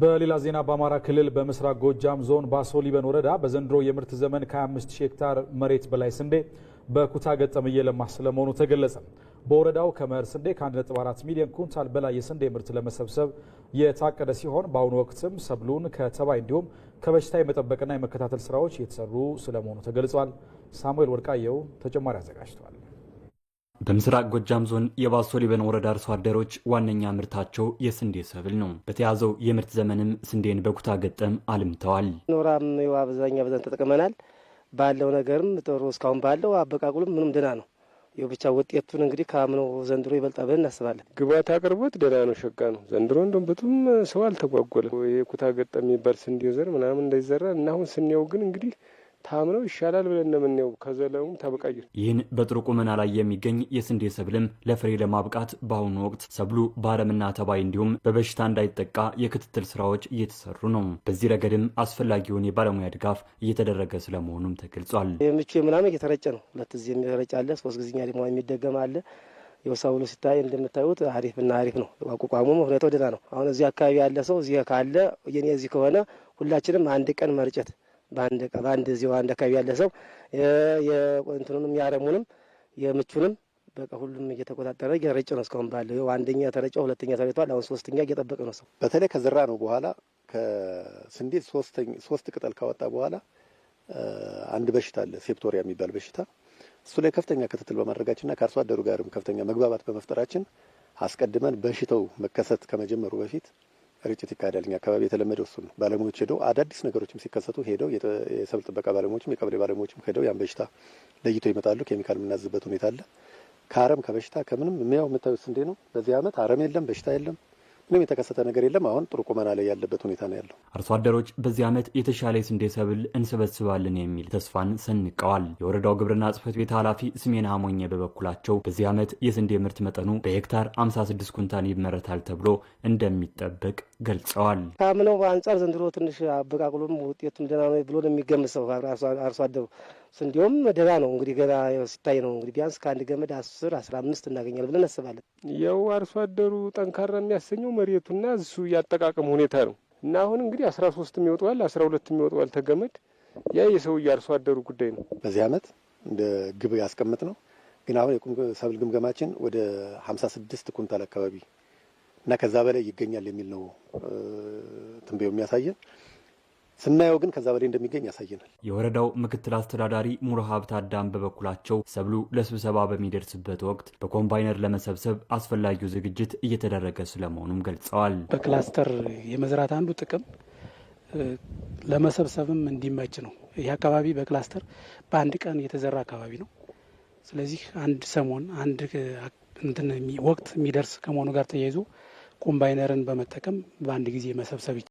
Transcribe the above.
በሌላ ዜና በአማራ ክልል በምስራቅ ጎጃም ዞን ባሶ ሊበን ወረዳ በዘንድሮ የምርት ዘመን ከ25 ሄክታር መሬት በላይ ስንዴ በኩታ ገጠም እየለማ ስለመሆኑ ተገለጸ። በወረዳው ከመኸር ስንዴ ከ1.4 ሚሊዮን ኩንታል በላይ የስንዴ ምርት ለመሰብሰብ የታቀደ ሲሆን በአሁኑ ወቅትም ሰብሉን ከተባይ እንዲሁም ከበሽታ የመጠበቅና የመከታተል ስራዎች እየተሰሩ ስለመሆኑ ተገልጿል። ሳሙኤል ወርቃየው ተጨማሪ አዘጋጅቷል። በምስራቅ ጎጃም ዞን የባሶ ሊበን ወረዳ አርሶ አደሮች ዋነኛ ምርታቸው የስንዴ ሰብል ነው። በተያዘው የምርት ዘመንም ስንዴን በኩታ ገጠም አልምተዋል። ኖራም አብዛኛ ብዛን ተጠቅመናል። ባለው ነገርም ጥሩ እስካሁን ባለው አበቃቁልም ምንም ደህና ነው። ይኸው ብቻ ውጤቱን እንግዲህ ከአምኖ ዘንድሮ ይበልጣ ብለን እናስባለን። ግባት አቅርቦት ደህና ነው፣ ሸጋ ነው። ዘንድሮ እንደም ብቱም ሰው አልተጓጎለም። የኩታ ገጠም የሚባል ስንዴ ዘር ምናምን እንዳይዘራ እና አሁን ስንየው ግን እንግዲህ ታምነው ይሻላል ብለን እንደምንየው ከዘለሙም ተበቀይር ይህን በጥሩ ቁመና ላይ የሚገኝ የስንዴ ሰብልም ለፍሬ ለማብቃት በአሁኑ ወቅት ሰብሉ በአረምና ተባይ እንዲሁም በበሽታ እንዳይጠቃ የክትትል ስራዎች እየተሰሩ ነው። በዚህ ረገድም አስፈላጊውን የባለሙያ ድጋፍ እየተደረገ ስለመሆኑም ተገልጿል። ምቹ ምናምን እየተረጨ ነው። ሁለት ጊዜ የሚረጭ አለ፣ ሶስት ጊዜኛ ደግሞ የሚደገም አለ። የሰብሉ ሲታይ እንደምታዩት አሪፍ አሪፍና አሪፍ ነው። አቋቋሙ ሁኔታው ደህና ነው። አሁን እዚህ አካባቢ ያለ ሰው እዚህ ካለ የኔ እዚህ ከሆነ ሁላችንም አንድ ቀን መርጨት በአንድ በአንድ እዚሁ አንድ አካባቢ ያለ ሰው የእንትኑንም የአረሙንም የምቹንም በቃ ሁሉም እየተቆጣጠረ እየረጨ ነው። እስካሁን ባለው አንደኛ ተረጨ፣ ሁለተኛ ተረጭቷል። አሁን ሶስተኛ እየጠበቀ ነው ሰው በተለይ ከዝራ ነው በኋላ ከስንዴ ሶስት ቅጠል ካወጣ በኋላ አንድ በሽታ አለ ሴፕቶሪያ የሚባል በሽታ። እሱ ላይ ከፍተኛ ክትትል በማድረጋችንና ከአርሶ አደሩ ጋርም ከፍተኛ መግባባት በመፍጠራችን አስቀድመን በሽታው መከሰት ከመጀመሩ በፊት ርጭት ይካሄዳል። እኛ አካባቢ የተለመደ እሱ ነው። ባለሙያዎች ሄደው አዳዲስ ነገሮችም ሲከሰቱ ሄደው የሰብል ጥበቃ ባለሙያዎችም የቀበሌ ባለሙያዎችም ሄደው ያን በሽታ ለይቶ ይመጣሉ። ኬሚካል የምናዝበት ሁኔታ አለ። ከአረም ከበሽታ ከምንም የሚያው የምታዩት ስንዴ ነው። በዚህ ዓመት አረም የለም፣ በሽታ የለም። ምንም የተከሰተ ነገር የለም። አሁን ጥሩ ቁመና ላይ ያለበት ሁኔታ ነው ያለው። አርሶ አደሮች በዚህ ዓመት የተሻለ የስንዴ ሰብል እንሰበስባለን የሚል ተስፋን ሰንቀዋል። የወረዳው ግብርና ጽሕፈት ቤት ኃላፊ ስሜን አሞኘ በበኩላቸው በዚህ ዓመት የስንዴ ምርት መጠኑ በሄክታር 56 ኩንታል ይመረታል ተብሎ እንደሚጠበቅ ገልጸዋል። ከምለው በአንጻር ዘንድሮ ትንሽ አበቃቅሎም ውጤቱም ደህና ነው ብሎ ነው የሚገምሰው አርሶ አደሩ ስንዴውም ደባ ነው እንግዲህ ገባ ሲታይ ነው እንግዲህ ቢያንስ ከአንድ ገመድ አስር አስራ አምስት እናገኛል ብለን እናስባለን። ያው አርሶ አደሩ ጠንካራ የሚያሰኘው መሬቱና እሱ ያጠቃቀም ሁኔታ ነው እና አሁን እንግዲህ አስራ ሶስት የሚወጠዋል አስራ ሁለት የሚወጠዋል ተገመድ ያ የሰው እያርሶ አደሩ ጉዳይ ነው። በዚህ አመት እንደ ግብ ያስቀምጥ ነው ግን አሁን የቁም ሰብል ግምገማችን ወደ ሀምሳ ስድስት ኩንታል አካባቢ እና ከዛ በላይ ይገኛል የሚል ነው ትንበዩ የሚያሳየን ስናየው ግን ከዛ በላይ እንደሚገኝ ያሳየናል። የወረዳው ምክትል አስተዳዳሪ ሀብት አዳም በበኩላቸው ሰብሉ ለስብሰባ በሚደርስበት ወቅት በኮምባይነር ለመሰብሰብ አስፈላጊው ዝግጅት እየተደረገ ስለመሆኑም ገልጸዋል። በክላስተር የመዝራት አንዱ ጥቅም ለመሰብሰብም እንዲመች ነው። ይህ አካባቢ በክላስተር በአንድ ቀን የተዘራ አካባቢ ነው። ስለዚህ አንድ ሰሞን አንድ እንትን ወቅት የሚደርስ ከመሆኑ ጋር ተያይዞ ኮምባይነርን በመጠቀም በአንድ ጊዜ መሰብሰብ